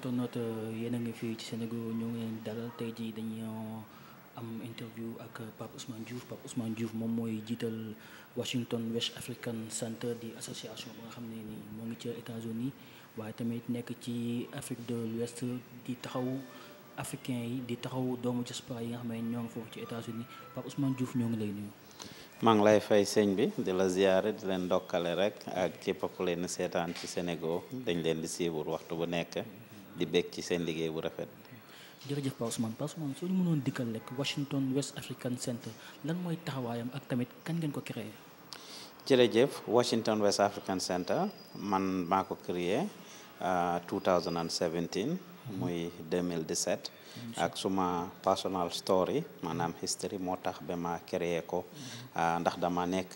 internet euh, yéen a ngi fii ci Sénégal ñoo ngi leen dalal tey jii dañoo am interview ak Pape Ousmane Diouf Pape Ousmane Diouf moom mooy jiital Washington West African Center di association ba nga xam ne ni moo ngi ci États-Unis waaye tamit nekk ci Afrique de l'Ouest di taxaw africain yi di taxaw doomu diaspora yi nga xam ñoo ngi foofu ci États-Unis Pape Ousmane Diouf ñoo ngi lay nuyu. maa ngi lay fay sëñ bi di la ziyaare di leen dokkale rek ak képp ku seetaan ci Sénégal dañ leen di siiwul waxtu bu nekk. di bég ci seen liggéey bu rafet. jërëjëf Pa Ousmane Pa Ousmane soo ñu mënoon dikkal rek Washington West African Center lan mooy taxawaayam ak tamit kan ngeen ko créé. jërëjëf Washington West African Center man maa ko créé euh, 2017. muy 2017 ak suma personal story maanaam history moo tax ba ma créé ko mhm. ah, ndax dama nekk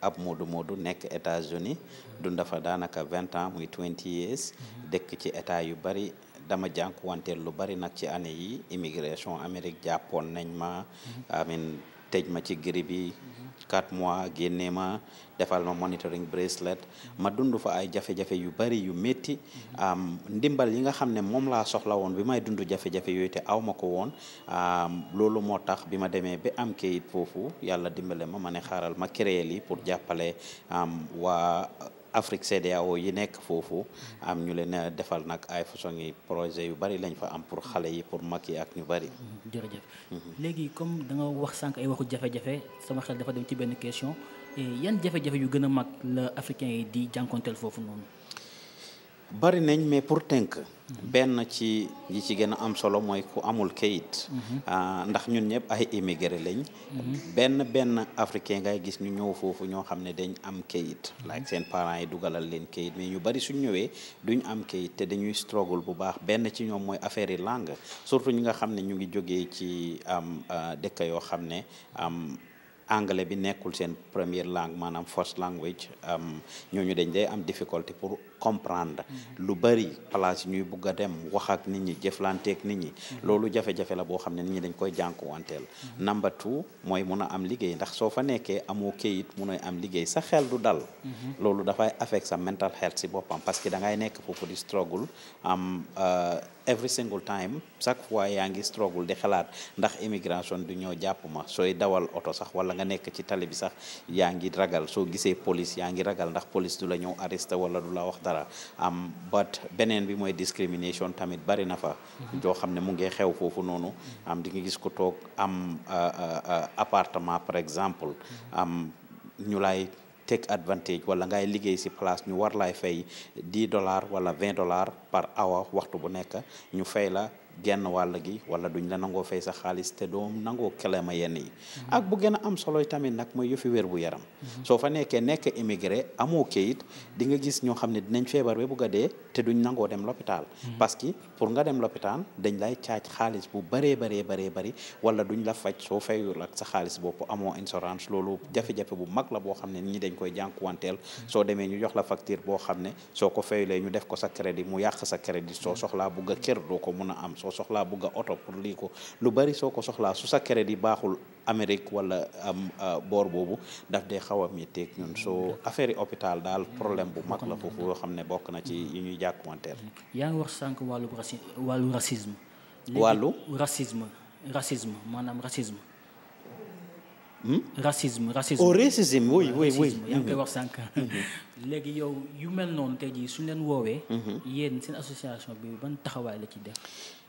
ab moodu moodu nekk États-Unis du fa daanaka vingt ans muy 20 years mhm. dëkk ci état yu bari dama jànkuwanteel lu bari nag ci année yi immigration Amérique jàppoon nañ ma mhm. amin tëj ma ci giri bi quatre mois génnee ma defal ma monitoring bracelet ma dundu fa ay jafe-jafe yu bari yu métti ndimbal yi nga xam ne moom laa soxla woon bi may dund jafe-jafe yooyu te awma ko woon loolu moo tax bi ma demee ba am kayit foofu yàlla dimbale ma ma xaaral ma créer lii pour jàppale waa Afrique CEDEAO yi nekk foofu am ñu leen eh, defal nag ay façon yi projet yu bari lañ fa am pour xale yi pour mag yi ak ñu bari. Mm-hmm. jërëjëf mm-hmm. léegi comme da nga wax sànq ay waxu jafe-jafe sama xel dafa dem ci benn question eh, yan jafe-jafe yu gën a mag la africain yi di jànkonteel foofu noonu. bari nañ mais pour tënk. benn ci yi ci gën a am solo mooy ku amul kayit mhm. ah, ndax ñun ñëpp ay immigré lañ mhm. benn benn africain ngay gis ñu ñëw foofu ñoo xam ne dañ am kayit mhm. like seen parents yi dugalal leen kayit mais ñu bari suñ ñëwee duñ am kayit te dañuy struggle bu baax benn ci ñoom mooy affaire yi langue surtout ñi nga xam ne ñu ngi jógee ci am ah, dëkk yoo xam ne am anglais bi nekkul seen première langue maanaam first language ñooñu dañ day am difficulté pour comprendre lu bari place ñuy bugg a dem wax ak nit ñi jëflanteeg nit ñi loolu jafe-jafe la boo xam ne nit ñi dañ koy jànkuwanteel number two mooy mun a am liggéey ndax soo fa nekkee amoo kayit munoy am liggéey sa xel du dal loolu dafay affect sa mental health si boppam parce que da ngay nekk foofu di struggle am euh, every single time chaque fois yaa ngi struggle di xalaat ndax immigration du ñoo jàpp ma sooy dawal oto sax wala nga nekk ci tali bi sax yaa ngi ragal soo gisee police yaa ngi ragal ndax police la ñëw arrêté wala du la dara am but beneen bi mooy discrimination tamit bari na fa mhm. joo xam ne mu ngi xew foofu noonu am di gis ku toog am appartement par exemple mhm. am ñu lay take advantage wala ngay liggéey si place ñu war lay fay 10 dollars wala 20 dollars par hour waxtu bu nekk ñu fay la genn wàll gi wala duñ la nangoo fay sa xaalis te doo nangoo kelema yenn yi ak bu gën am solo tamit nag mooy yëfi wér bu yaram soo fa nekkee nekk immigré amoo kayit di nga gis ñoo xam ne dinañ feebar ba bugg dee te duñ nangoo dem l'hôpital mm-hmm. parce que pour nga dem l'hôpital dañ lay caaj xaalis bu baree baree baree bari wala duñ la faj soo fayul ak sa xaalis bopp amoo insurance loolu jafe-jafe bu mag la boo xam ne ñi dañ koy jànkuwanteel mm-hmm. soo demee ñu jox la facture boo xam ne soo ko fayulee ñu def ko sa crédit mu yàq sa crédit soo mm-hmm. soxlaa bugg a kër doo ko mun a am soo soxlaa bugg a oto pour lii ko lu bari soo ko soxlaa su sa crédit baaxul Amérique wala am euh, boor boobu daf dee xaw a métteeg ñun soo affaire yi hôpital daal problème bu mag la foofu yoo xam ne bokk na ci yi ñuy jàkkuwanteel. yaa ngi wax sànq wàllu raci wàllu racisme. wàllu racisme racisme maanaam racisme. Hmm? Oh, yaa ngi koy mhm. wax sànq. Mhm. léegi yow yu mel noonu te jii suñ leen woowee. Mhm. yéen seen association bi ban taxawaay la ci def.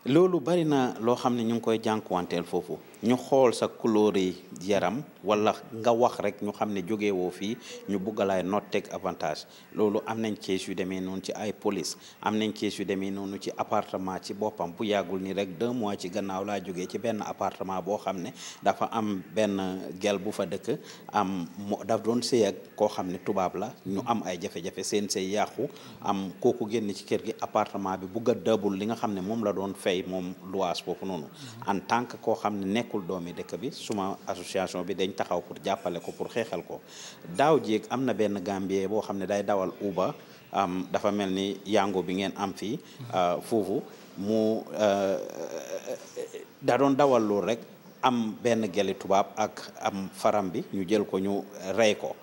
loolu bari na loo xam ne ñu ngi koy jànkuwanteel foofu ñu xool sa couleur yi yaram wala nga wax rek ñu xam ne jóge woo fii ñu bugg laay not teg avantage loolu am nañ kees yu demee noonu ci ay police am nañ kees yu demee noonu ci appartement ci boppam bu yàggul nii rek deux mois ci gannaaw laa jógee ci benn apartement boo xam ne dafa am benn gel bu fa dëkk am daf doon sëy ak koo xam ne tubaab la am ay jafe-jafe seen say yàqu am kooku génn ci kër gi appartement bi bugg a dabul li nga xam ne moom la doon fay moom luwaas foofu noonu en tant que koo xam ne nekkul doomi dëkk bi suma association bi dañ taxaw pour jàppale ko pour xeexal ko daaw jéeg am na benn Gambien boo xam ne day dawal Uber am dafa mel ni yàngoo bi ngeen am fii euh, foofu mu euh, da doon dawal loolu rek am benn geli tubaab ak am faram bi ñu jël ko ñu rey ko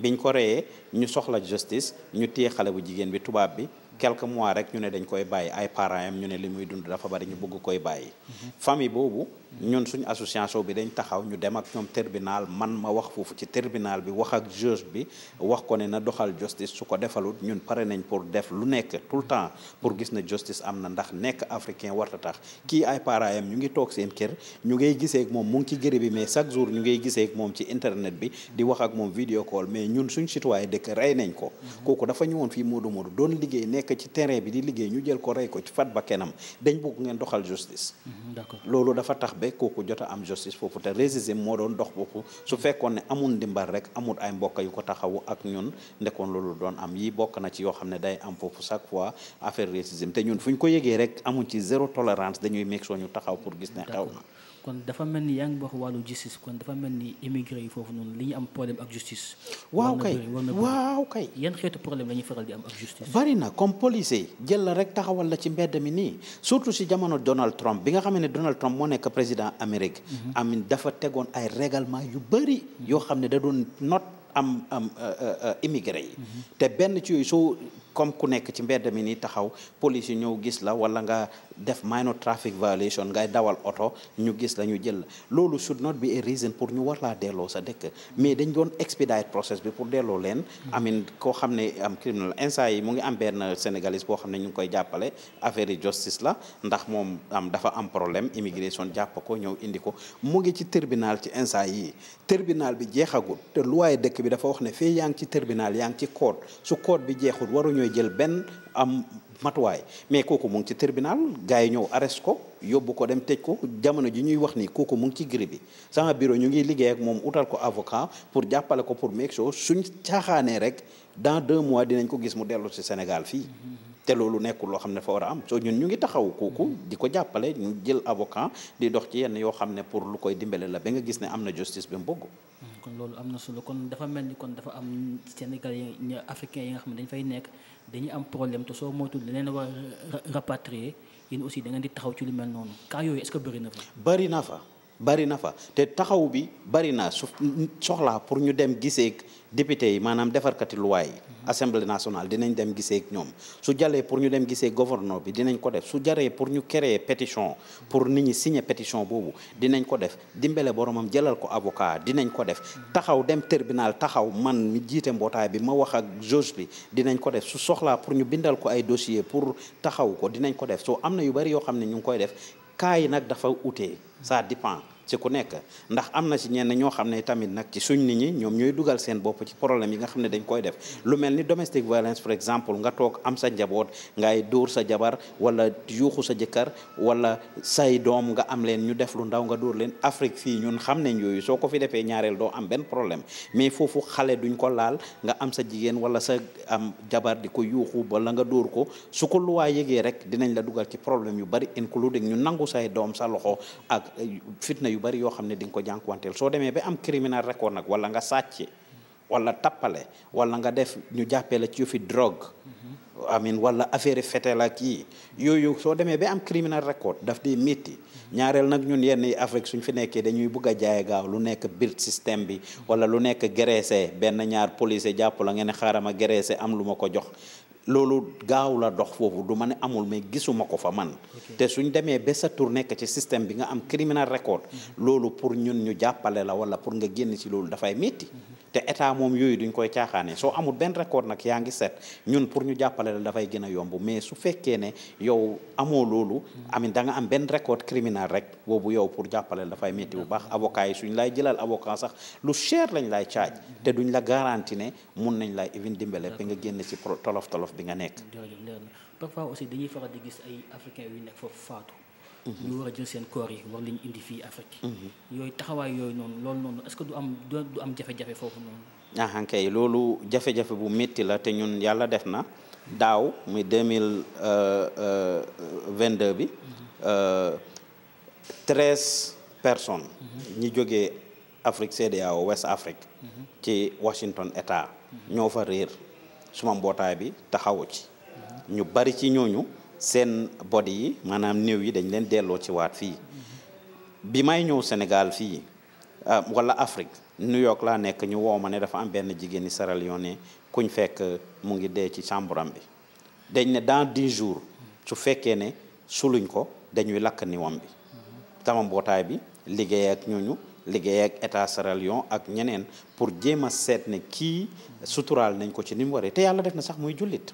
biñ ko reyee ñu soxla justice ñu téye xale bu jigéen bi tubaab bi quelque mois rek ñu ne dañ koy bàyyi ay parents am ñu ne li muy dund dafa bari ñu bëgg koy bàyyi mhm. famille boobu ñun suñu association bi dañ taxaw ñu dem ak ñoom tribunal man ma wax foofu ci tribunal bi wax ak juge bi wax ko ne na doxal justice su ko defalut ñun pare nañ pour def lu nekk tout le temps pour gis na justice am na ndax nekk africain warta tax kii ay parents ñu ngi toog seen kër ñu ngay giseek moom mu ngi ci gëré bi mais chaque jour ñu ngay gisee ak moom ci internet bi di wax ak moom vidéo call mais ñun suñ citoyen dëkk rey nañ ko mhm. kooku dafa ñëwoon fii moodu moodu doon liggéey nekk ci terrain bi di liggéey ñu jël ko rey ko ci fat ba dañ bëgg ngeen doxal justice mhm, ba kooku jot a am justice foofu te résiser moo doon dox foofu su fekkoon ne amul ndimbal rek amul ay mbokk yu ko taxawu ak ñun ndekoon loolu doon am yi bokk na ci yoo xam ne day am foofu chaque fois affaire racisme te ñun fu ñu ko yëgee rek amuñ ci zéro tolérance dañuy meeg soo ñu taxaw pour gis ne xew na kon dafa mel ni yaa ngi wax wàllu justice kon dafa mel ni immigré yi foofu noonu li ñu am problème ak justice. waaw kay waaw yan xeetu problème la ñuy faral di am ak justice. bari na comme police yi jël la rek taxawal la ci mbedd mi nii surtout si jamono Donald Trump bi nga xam ne Donald Trump moo nekk président Amérique. Mhm. amin dafa tegoon ay règlement yu bari. Mhm. yoo xam ne da doon not am am euh, euh, immigré yi. Mhm. te benn ci yooyu soo comme ku nekk ci mbedd mi nii taxaw police yi ñëw gis la wala nga def minor traffic violation ngay dawal oto ñu gis la ñu jël loolu su not bi a reason pour ñu war laa delloo sa dëkk mais dañ doon expedite process bi pour delloo leen amin koo xam ne am criminal instant yi mu ngi am benn sénégalais boo xam ne ñu ngi koy jàppale affaire yi justice la ndax moom am dafa am problème immigration jàpp ko ñëw indi ko mu ngi ci tribunal ci instant yi tribunal bi jeexagul te luwaaye dëkk yaa ngi ci tribunal jël benn am matuwaay mais kooku mu ngi ci tribunal gars yi ñëw arrest ko yóbbu ko dem tëj ko jamono ji ñuy wax nii kooku mu ngi ci gri bi sama bureau ñu ngi liggéey ak moom utal ko avocat pour jàppale ko pour make sure suñ caaxaanee rek dans deux mois dinañ ko gis mu dellu si Sénégal fii te loolu nekkul loo xam ne fa war a am soo ñun ñu ngi taxaw kooku di ko jàppale ñu jël avocat di dox ci yenn yoo xam ne pour lu koy dimbale la ba nga gis ne am na justice bi mu bëgg. Hmm, kon loolu am na solo kon dafa mel ni kon dafa am Sénégal yi africain yi nga xam ne dañ fay nekk dañuy am problème te soo moytuwul dañ leen war a rapatrier yéen aussi da di taxaw ci lu mel noonu cas yooyu est-ce que bëri na fa. bëri na fa. bari na fa te taxaw bi bari na su pour ñu dem gisee député yi maanaam defarkati luwaay assemblée nationale dinañ dem gisee ak ñoom su jalee pour ñu dem gisee gouverneur bi dinañ ko def su jaree pour ñu créer pétition pour nit ñi signer pétition boobu dinañ ko def dimbale boromam jalal ko avocat dinañ ko def taxaw dem tribunal taxaw man mi jiite mbootaay bi ma wax ak juge bi dinañ ko def su soxla pour ñu bindal ko ay dossier pour taxaw ko dinañ ko def so am na yu bari yoo xam ne ñu ngi koy def cas yi nag dafa utee ça dépend ci ku nekk ndax am na si ñenn ñoo xam ne tamit nag ci suñ ni ñi ñoom ñooy dugal seen bopp ci problème yi nga xam ne dañ koy def lu mel ni domestic violence por exemple nga toog am sa njaboot ngay dóor sa jabar wala yuuxu sa jëkkër wala say doom nga am leen ñu def lu ndaw nga dóor leen Afrique fii ñun xam nañ yooyu soo ko fi defee ñaareel doo am benn problème mais foofu xale duñ ko laal nga am sa jigéen wala sa am jabar di ko yuuxu wala nga dóor ko su ko luwaa yëgee rek dinañ la dugal ci problème yu bari including ñu nangu say doom sa loxo ak bari yoo xam ne di nga ko jànkuwanteel soo demee ba am criminal record nag wala nga sàcc wala tappale wala nga def ñu jàppee la ci yu fi drogue amin wala affaire fetel ak yii yooyu soo demee ba am criminal record daf di métti ñaareel nag ñun yenn yi Afrique suñ fi nekkee dañuy bugg a jaay gaaw lu nekk biir système bi wala lu nekk gereese benn ñaar police jàpp la ngeen xaaral ma gereese am lu ma ko jox loolu gaaw la dox foofu du ma ne amul mais gisuma ko fa man te suñ demee ba sa tour nekk ci système bi nga am criminal record mhm. loolu pour ñun ñu jàppale la wala pour nga génn ci loolu dafay métti mhm. te état moom yooyu duñ koy caaxaanee soo amul benn record nag yaa ngi set ñun pour ñu jàppale la dafay gën a yomb mais su fekkee ne yow amoo loolu mhm. amin danga am benn record criminal rek boobu yow pour jàppale la dafay métti bu baax avocat suñ lay jëlal avocat sax lu cher lañ lay caaj te duñ la garanti ne mun nañ lay even dimbale nga génn ci tolof tolof gox bi nga nekk. jërëjëf leer na parfois aussi dañuy faral di gis ay africain yu nekk foofu faatu. Mhm. ñu war a jël seen koor yi war leen indi fii Afrique. Mhm. yooyu taxawaay yooyu noonu loolu noonu est-ce que du am du am jafe-jafe foofu noonu. ah loolu jafe-jafe bu métti la te ñun yàlla def na daaw muy deux mille euh, euh, vingt deux bi. Mhm. Euh, treize personnes. ñi jógee Afrique CEDEAO West Afrique. ci Washington état. ñoo fa réer. suma mbootaay bi taxawu ci ñu bari ci ñooñu seen body yi maanaam néew yi dañ leen delloo ci waat fii bi may ñëw Sénégal fii ah, wala Afrique New York laa nekk ñu woo ma ne dafa am benn jigéen ñi Sierra Leone kuñ fekk mu ngi dee ci chambre bi dañ ne dans dix jours su fekkee ne suluñ ko dañuy lakk niwam bi sama mbootaay bi liggéey ak ñooñu liggéey ak état Sierra ak ñeneen pour jéem a seet ne kii suturaal nañ ko ci ni mu waree te yàlla def na sax muy jullit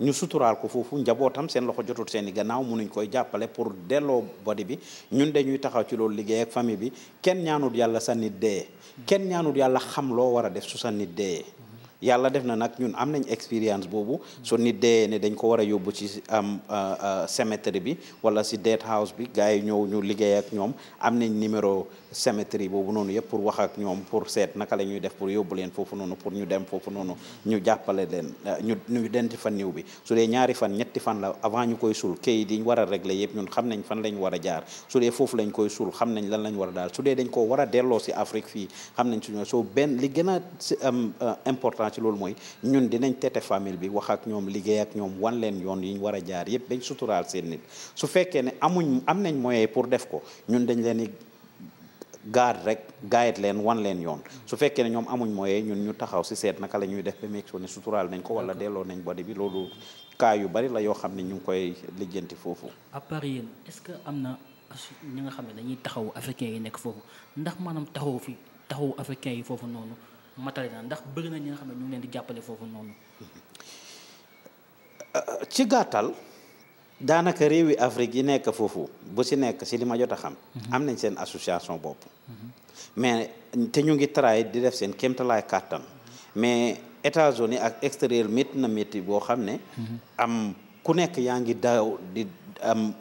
ñu suturaal ko foofu njabootam seen loxo jotul seen i gannaaw munuñ koy jàppale pour delloo body bi ñun dañuy taxaw ci loolu liggéey ak famille bi kenn ñaanut yàlla sa nit dee kenn ñaanut yàlla xam loo war a def su sa nit dee yàlla def na nag ñun am nañ expérience boobu so nit dee ne dañ ko war a yóbbu ci am cemetery bi wala si death house bi gars yi ñëw ñu liggéey ak ñoom am nañ numéro cemetery boobu noonu yëpp pour wax ak ñoom pour seet naka la def pour yóbbu leen foofu noonu pour ñu dem foofu noonu ñu jàppale leen ñu ñu denti fan niw bi su dee ñaari fan ñetti fan la avant ñu koy suul kayit yi ñu war a régler yëpp ñun xam nañ fan lañ war a jaar su dee foofu lañ koy suul xam nañ lan lañ war daal su dee dañ ko war a delloo si Afrique fii important ci loolu mooy ñun dinañ tete famille bi wax ak ñoom liggéey ak ñoom wan leen yoon yi ñu war a jaar yëpp dañ suturaal seen nit su fekkee ne amuñ am nañ moyen pour def ko ñun dañ leen di gaar rek gaayet leen wan leen yoon su fekkee ne ñoom amuñ moyen ñun ñu taxaw si seet naka la ñuy def ba meeg ne suturaal nañ ko wala delloo nañ body bi loolu cas yu bari la yoo xam ne ñu ngi koy lijjanti foofu. à part yéen est-ce que am na ñu nga xam ne dañuy taxaw africain yi nekk foofu ndax maanaam taxaw fi taxaw africain yi foofu noonu. matale na ndax bëri na ñi nga xam ne ñu ngi leen di jàppale foofu noonu. ci gàttal daanaka réew réewi Afrique yi nekk foofu bu si nekk si li ma jot a xam. Mhm. am nañ seen association bopp. Mhm. mais te ñu ngi taraay di def seen kéemtalaay kàttan mhm. mais États-Unis ak extérieur métti na métti boo xam ne. am ku nekk yaa ngi daaw di am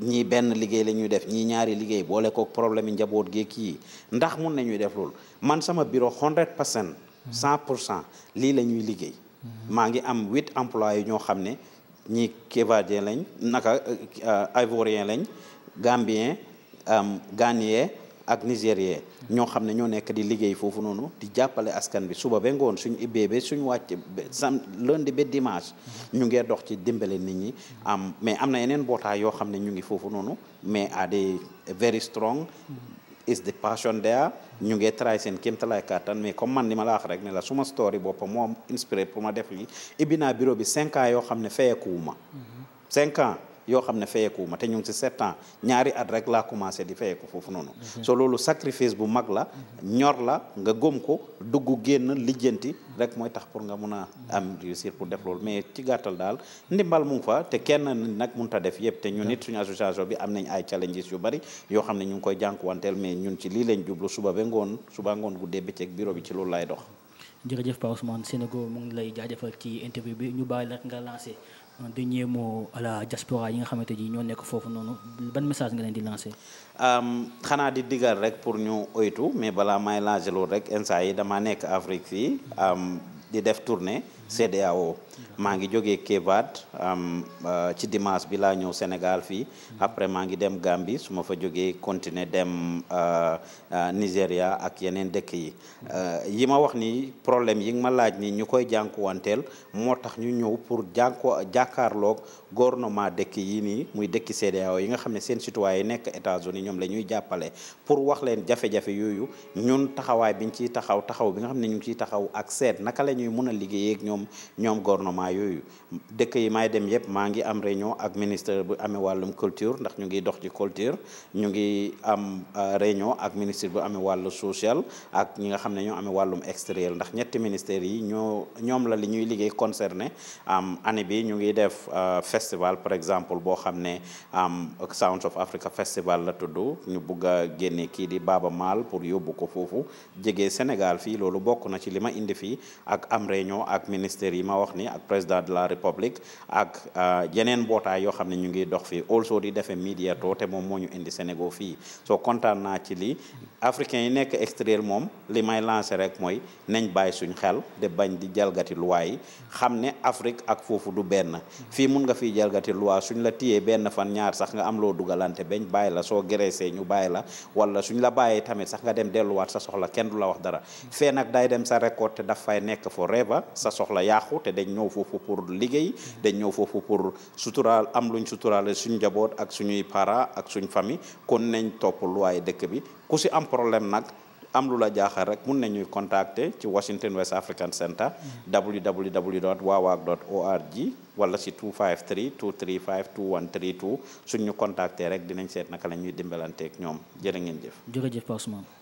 ñii benn liggéey la ñuy def ñii ñaari liggéey boole kook problème yi njaboot gee kii ndax mun nañuy def loolu man sama bureau 100 pour cent pour cent lii la ñuy liggéey maa ngi am huit employés ñoo xam ne ñi kévadien lañ naka euh, ivoirien lañ gambien euh, ghanéen ak nigérien ñoo xam ne ñoo nekk di liggéey foofu noonu di jàppale askan bi suba be ngoon suñ ibbee ba suñ wàcc sam lundi ba dimanche ñu ngee dox ci dimbale nit ñi am mais am na yeneen mbootaay yoo xam ne ñu ngi foofu noonu mais à des very strong is the passion there ñu ngi try seen kéemtalaay kàttan mais comme man ni ma la wax rek ne la suma story boppa moom inspiré pour ma def lii ibbi naa bureau bi cinq ans yoo xam ne fayekuwuma cinq yoo xam ne fayeeku ma te ñu ngi si ans ñaari at rek laa commencé di fayeeku foofu noonu so loolu sacrifice bu mag la ñor la nga gëm ko dugg génn lijjanti rek mooy tax pour nga mun a am réussir pour def loolu mais ci gàttal daal ndimbal mu ngi fa te kenn nag mun ta def yëpp te ñun nit suñu association bi am nañ ay challenges yu bari yoo xam ne ñu ngi koy jànkuwanteel mais ñun ci lii lañ jublu suba ba ngoon suba ngoon guddee bëccëg bureau bi ci loolu lay dox jërëjëf Pa Ousmane Senego mu ngi bi ñu la un dernier mot à la diaspora yi nga xamante ni ñoo nekk foofu noonu ban message nga leen di lancer. Euh, xanaa di digal rek pour ñu oytu mais balaa may lancer loolu rek instant yi damaa nekk Afrique fii euh, di def tournée. CEDEAO maa ngi jógee Kévad euh, ci dimanche bi laa ñëw Sénégal fii après maa ngi dem Gambie su ma fa jógee continuer dem euh, euh, Nigéria ak yeneen dëkk yi yi ma wax ni problème yi nga ma laaj ni ñu koy jànkuwanteel moo tax ñu ñëw pour jànku jàkkaarloog gouvernement dëkk yi nii muy dëkki CEDEAO yi nga xam ne seen citoyen yi nekk États-Unis ñoom la ñuy jàppale pour wax leen jafe-jafe yooyu ñun taxawaay biñ ciy taxaw taxaw bi nga xam ne ñu ngi taxaw ak seet naka la ñuy a liggéeyee ñoom ñoom gouvernement yooyu dëkk yi may dem yëpp maa ngi am réunion ak ministre bu amee wàllum culture ndax ñu ngi dox ci culture ñu ngi am euh, réunion ak ministre bu amee wàllu social ak ñi nga xam ne ñoo amee wàllum extérieur ndax ñetti ministères yi ñoo ñoom la li ñuy liggéey concerné am année bi ñu ngi def euh, festival par exemple boo xam ne am Sounds of Africa festival la tudd ñu bugg a génne kii di Baaba Maal pour yóbbu ko foofu jege Sénégal fii loolu bokk na ci li ma indi fii ministère yi ma wax ni ak président de la république ak euh, yeneen mbootaay yoo xam ne ñu ngi dox fii also di defee médiato te moom moo ñu indi Sénégal fii soo kontaan naa ci li africains yi nekk extérieur moom li may lancé rek mooy nañ bàyyi suñ xel de bañ di jalgati luwaay yi xam ne Afrique ak foofu du benn fii mun nga fiy jalgati loi suñ la téyee benn fan ñaar sax nga am loo dugalante bañ bàyyi la soo gréesee ñu bàyyi la wala suñ la bàyyee tamit sax nga dem delluwaat sa soxla kenn du la wax dara fee nag day dem sa record te daf fay nekk forever sa soxla yàqu te dañ ñëw foofu pour liggéey dañ ñëw foofu pour suturaal am luñ suturaale suñ njaboot ak suñuy para ak suñ famille kon nañ topp dëkk bi ku si am problème nag am lu la jaaxal rek mun nañuy contacter ci Washington West African Center www dot wawaak dot org wala si 253 235 2132 suñ ñu contacter rek dinañ seet naka la ñuy dimbalanteeg ñoom jërë ngeen jëf. jërëjëf Pape Ousmane.